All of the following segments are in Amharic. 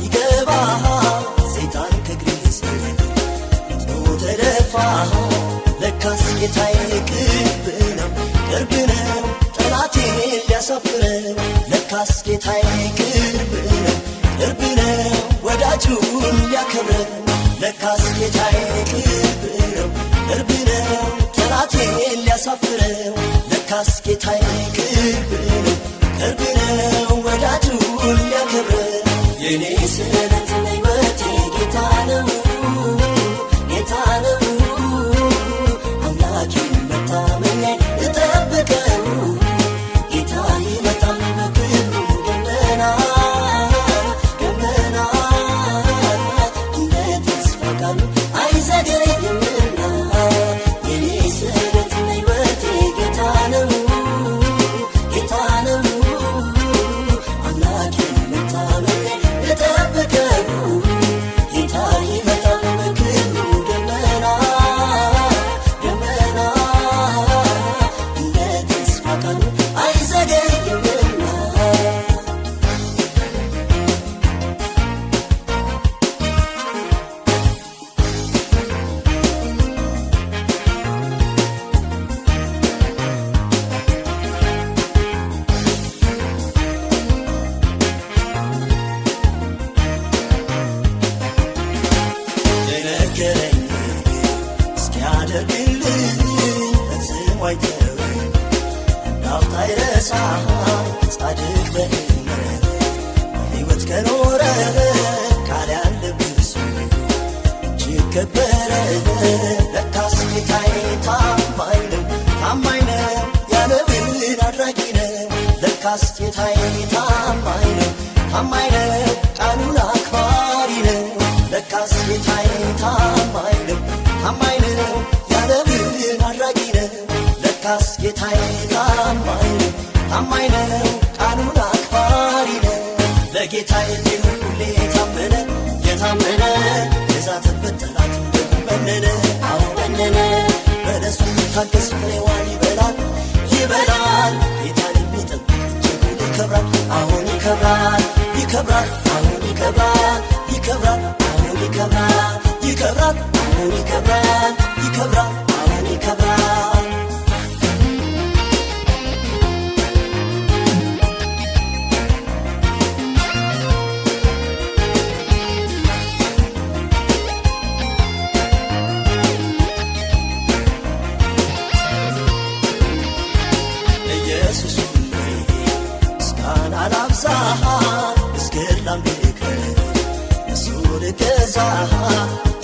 ሲገባ ሰይጣን ከግሬ ሲለኝ ተደፋ ለካስ ጌታዬ ቅርብ ነው ቅርብ ነው ጠላቴ ሊያሳፍረው ለካስ ቅርብ ነው ቅርብ ነው ወዳጁን ሊያከብረው ለካስ ጌታዬ ቅርብ ነው ቅርብ ነው ጠላቴ ሊያሳፍረው ለካስ ጌታዬ ቅርብ ነው ቅርብ Beni izlenen ማይተበ ናፍታ ይረሳ ጻድቅ በእምነት ሕይወት ከኖረ ካሪያን ልብሱ እጅ ከበረ ታማኝ ነው ታማኝ ነው አድራጊ ነው ታማኝ ቃሉን አክባሪ በጌታ ለጌታ የሚሆን ሁሌ የታመነ የታመነ የዛተበት ጠላት ደሙ በነነ አዎ በነነ ፍሬዋን ይበላል ይበላል ጌታን የሚጠብቅ እጅጉን ይከብራል አሁን ይከብራል ይከብራል አሁን ይከብራል ይከብራል አሁን ይከብራል ይከብራል አሁን ይከብራል ኢየሱስ ምስጋና ላብዛ ምስክር ላምልክ እሱን ገዛ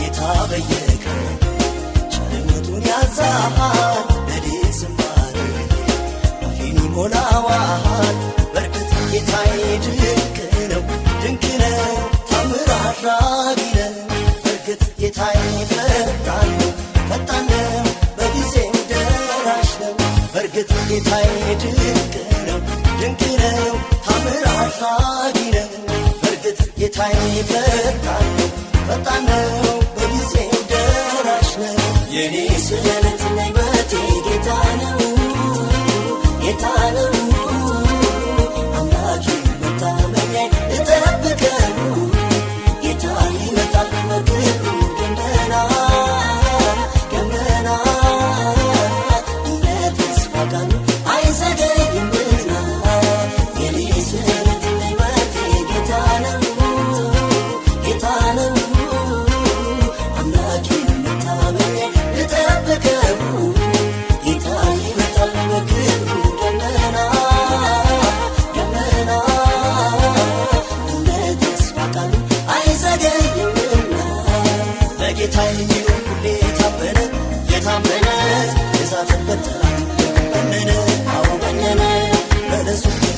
ጌታ በየቀ ቸርነቱን ያዛሃል ለኔ ዝማሬ አፌን ይሞላዋል በርግጥ ጌታዬ ድንቅ ነው ድንቅ ነው ታምር አድራጊ ነው በርግጥ ጌታዬ ፈጣን ነው ፈጣን ነው በጊዜው ደራሽ ነው በርግጥ ጌታዬ ፈጣሪ ነው። በእርግጥ ጌታዬ ፈጣን ነው፣ ፈጣን ነው፣ በጊዜው ደራሽ ነው የኔ ስለ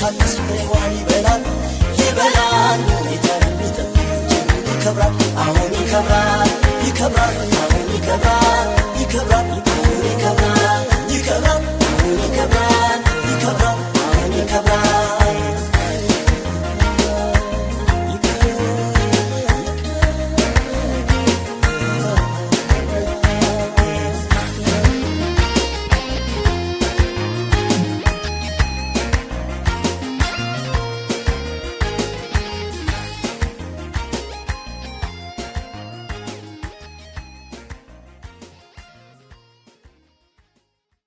ከአዲስ ይከብራል አሁን ይከብራል ይከብራል አሁን ይከብራል ይከብራል